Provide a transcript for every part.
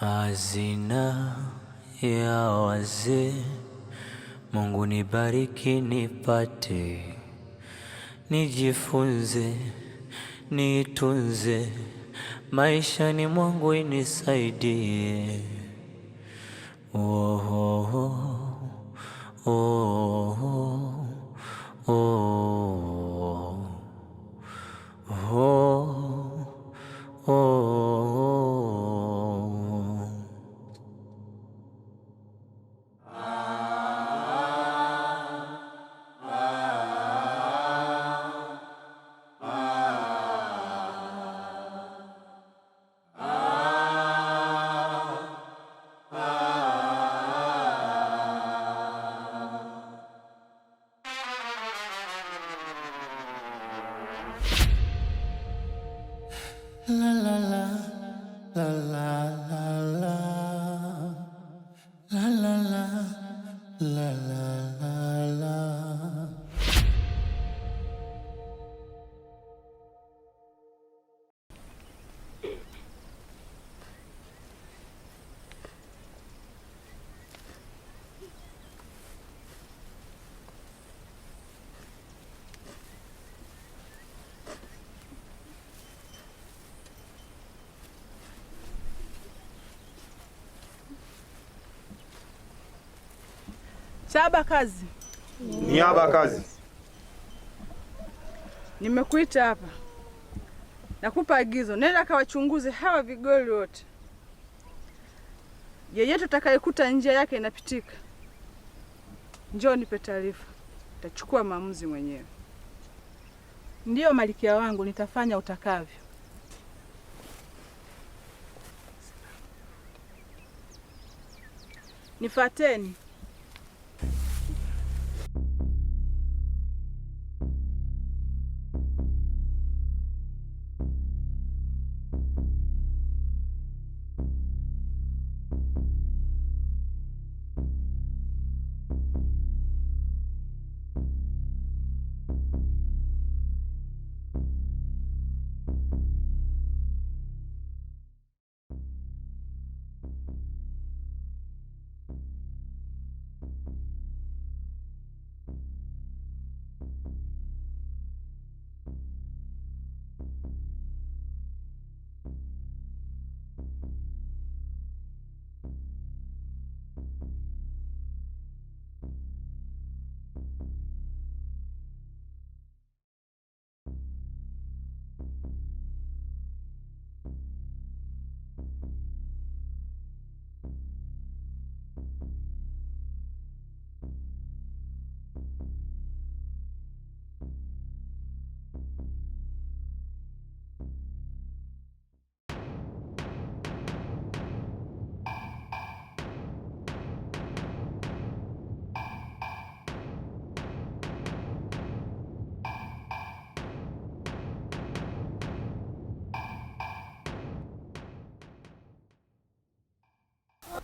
Hazina ya wazee. Mungu nibariki, nipate, nijifunze, niitunze, maishani mwangu inisaidie. Ohoho, ohoho, ohoho. Shaba kazi. Niaba kazi. Nimekuita hapa, nakupa agizo, nenda kawachunguze hawa vigoli wote. Yeyote atakayekuta njia yake inapitika, njoo nipe taarifa, tachukua maamuzi mwenyewe. Ndiyo malikia wangu, nitafanya utakavyo. Nifateni.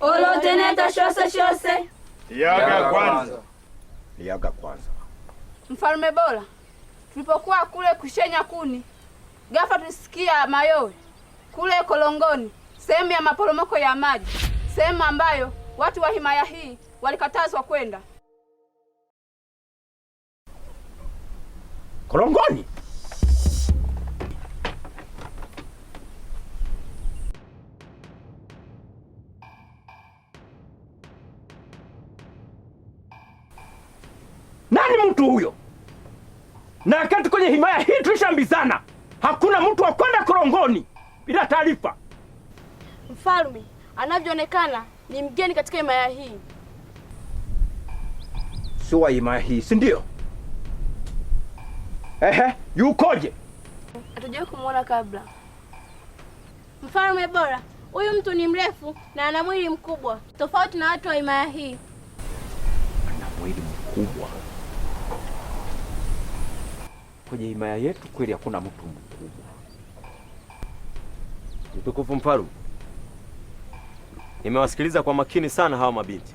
oloteneta shose shose yaga kwanza, yaga kwanza. Mfalme bora, tulipokuwa kule kushenya kuni, gafa tusikia mayowe kule Kolongoni, sehemu ya maporomoko ya maji, sehemu ambayo watu wa himaya hii walikatazwa kwenda. Kolongoni Heshimu mtu huyo, na wakati kwenye himaya hii tulishambizana, hakuna mtu wa kwenda korongoni bila taarifa. Mfalme anavyoonekana ni mgeni katika himaya hii, si wa himaya hii, si ndio? Ehe, yukoje? Hatujawahi kumwona kabla. Mfalme bora, huyu mtu ni mrefu na ana mwili mkubwa tofauti na watu wa himaya hii. Ana mwili mkubwa kwenye himaya yetu kweli hakuna mtu mkubwa. Mtukufu mfalme, nimewasikiliza kwa makini sana hawa mabinti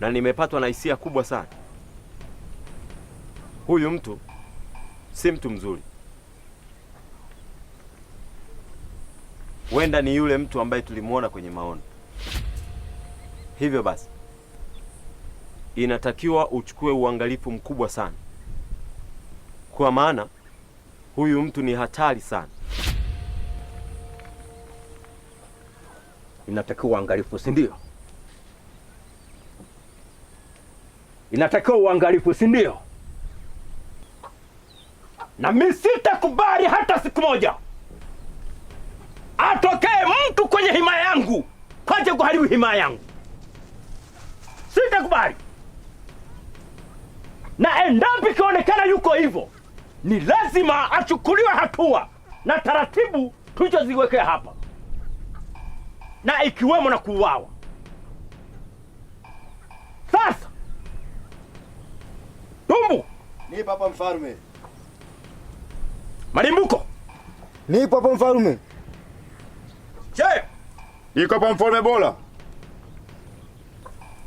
na nimepatwa na hisia kubwa sana. Huyu mtu si mtu mzuri, huenda ni yule mtu ambaye tulimwona kwenye maono. Hivyo basi inatakiwa uchukue uangalifu mkubwa sana, kwa maana huyu mtu ni hatari sana. Inatakiwa uangalifu, si ndio? Inatakiwa uangalifu, si ndio? Na mimi sitakubali hata siku moja atokee mtu kwenye himaya yangu kwaje kuharibu himaya yangu, sitakubali na endapo ikionekana yuko hivyo, ni lazima achukuliwe hatua na taratibu tulizoziwekea hapa, na ikiwemo na kuuawa. Sasa Tumbu ni papa mfalme, Malimbuko ni papa mfalme, Cheya ni papa mfalme, Bola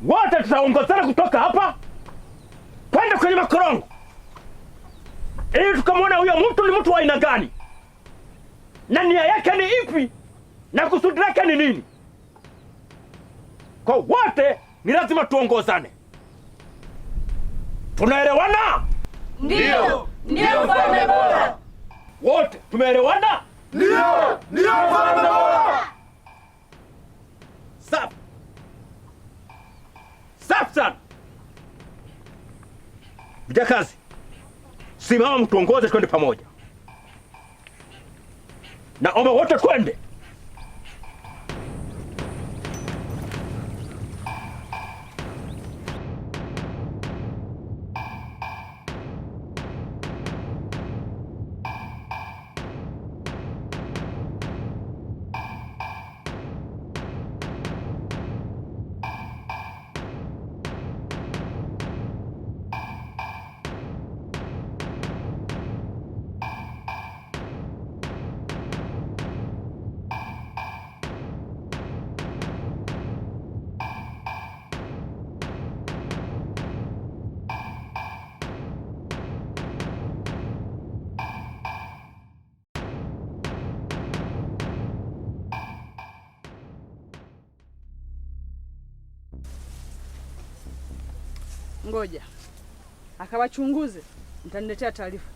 wote tutaongozana kutoka hapa twende kwenye makorongo ili tukamwona huyo mtu ni mtu wa aina gani na nia yake ni ipi na kusudi lake ni nini. Kwa wote ni lazima tuongozane. Tunaelewana? Ndio, ndio mfalme bora. Wote tumeelewana? Ndio, ndio mfalme bora. Safi, safi sana. Mjakazi, simama mtuongoze, twende pamoja. Naomba wote twende. ngoja akawachunguze, mtaniletea taarifa.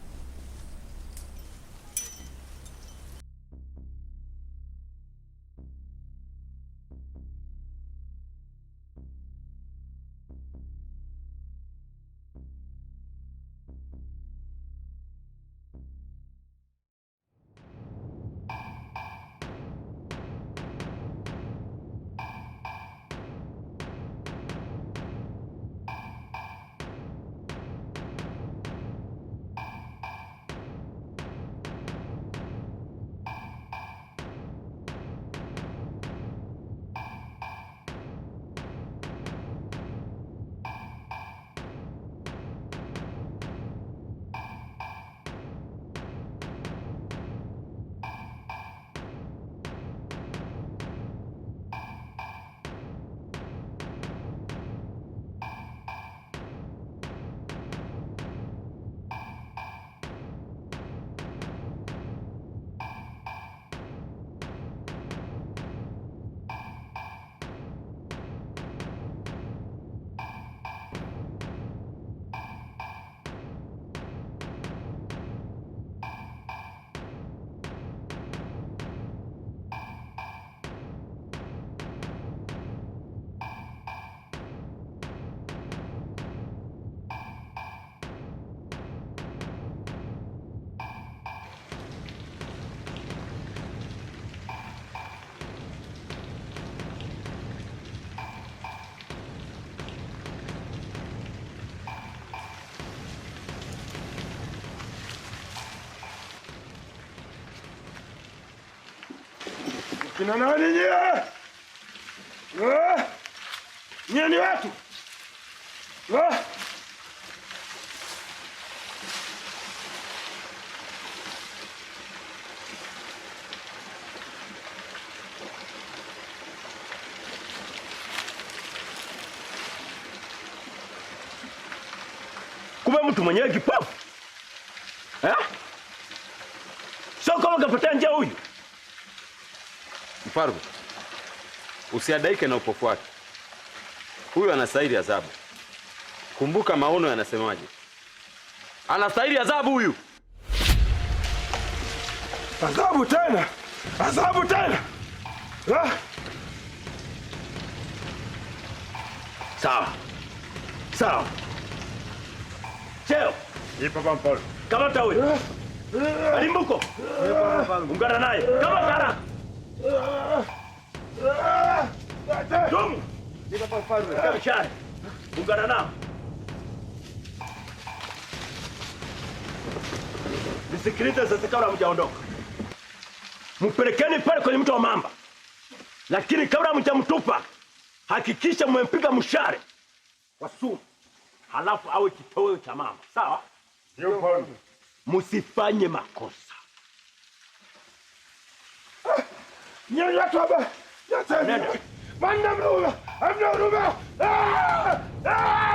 Kina nani nyie? Nyie ni watu? Eh? Kumbe mtu mwenyewe kipofu. Eh? Sio kama kapotea njia huyu upofu usiadaike na upofu wake. Huyu anastahili adhabu. Kumbuka maono yanasemaje, anastahili adhabu huyu. Adhabu tena, adhabu tena. Ah. Sawa sawa, cheo kamata huyu, alimbuko, ungana naye kamata Ungana nao nisikilize sasa, kabla mjaondoka, mpelekeni pale kwenye mto wa mamba, lakini kabla mjamtupa, hakikisha mmempiga mshale wa sumu, halafu awe kitoweo cha mamba. Sawa? Msifanye makosa. Nyanyatwa ba. Nyanyatwa. Mandamruba. Amnamruba. Ah! Ah!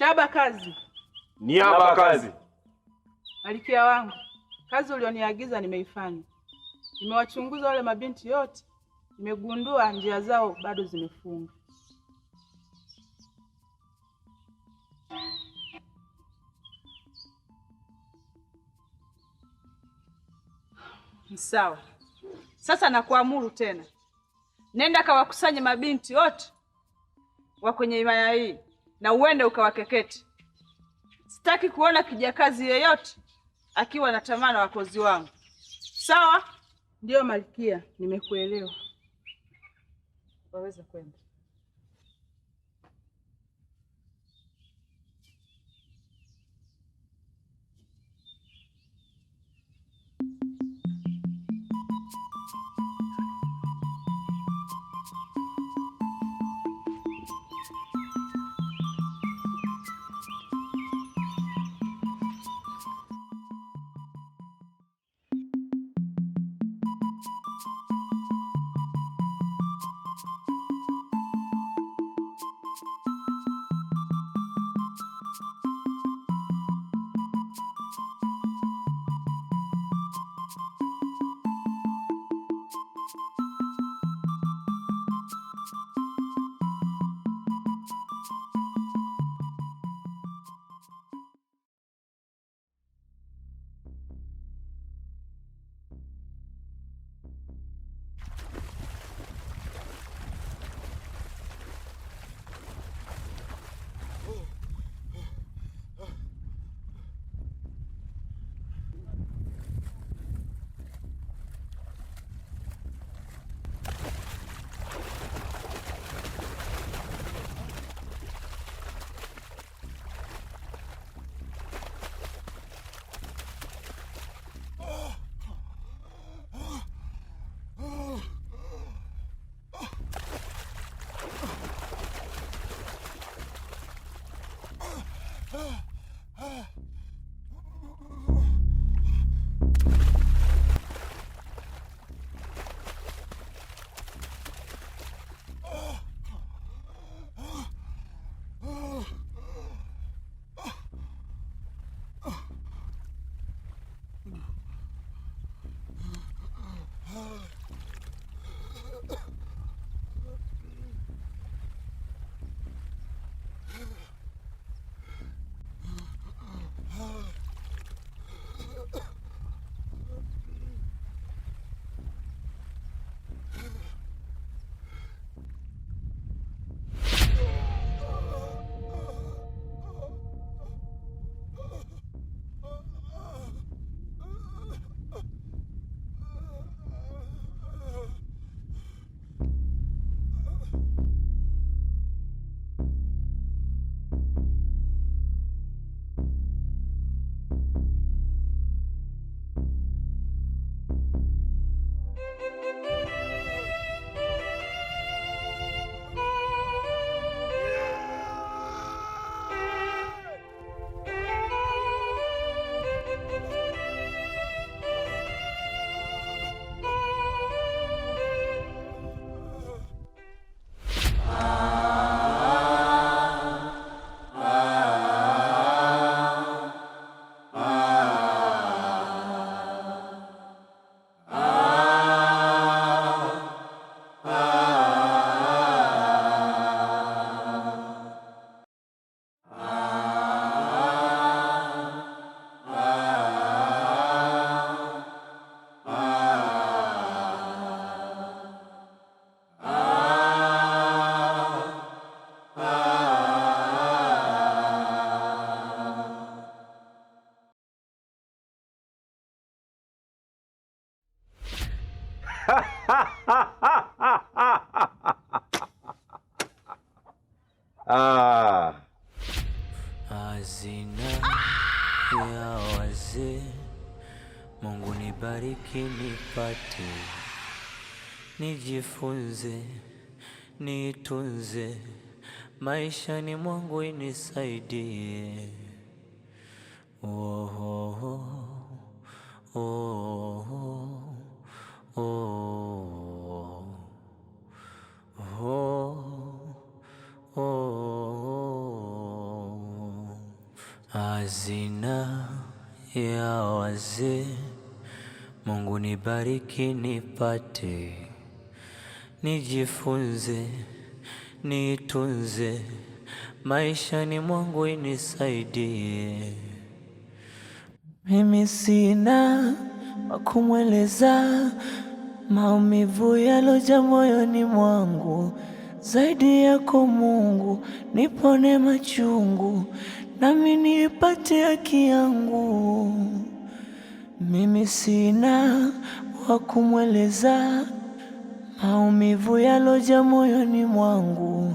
Chaba kazi. Niaba kazi. Malikia wangu, kazi ulioniagiza nimeifanya. Nimewachunguza wale mabinti yote, nimegundua njia zao bado zimefunga. Sawa. Sasa nakuamuru tena, nenda kawakusanye mabinti wote wa kwenye himaya hii na uende ukawakeketi. Sitaki kuona kijakazi yeyote akiwa na tamaa na wakozi wangu. Sawa? Ndiyo Malkia, nimekuelewa. Waweza kwenda. Thank you. Ah. Hazina ya wazee, Mungu nibariki, nipate, nijifunze, nitunze, maisha ni mwangu inisaidie. Hazina ya wazee, Mungu nibariki, nipate, nijifunze, niitunze, maishani mwangu inisaidie. Mimi sina wakumweleza maumivu yaloja moyoni mwangu, zaidi yako Mungu, nipone machungu nami nipate haki yangu. Mimi sina wa kumweleza maumivu yaloja moyoni mwangu,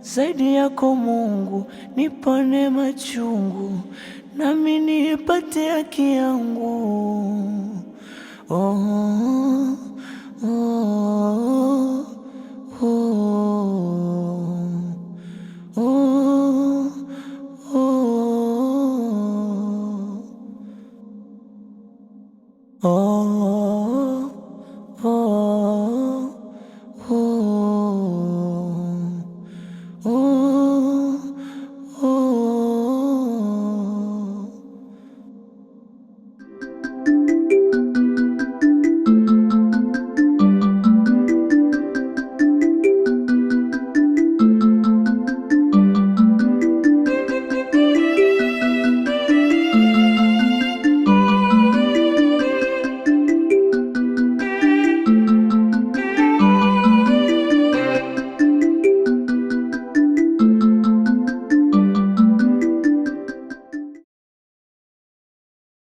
zaidi yako Mungu, nipone machungu, nami nipate haki yangu. Oh, oh, oh, oh. oh, oh.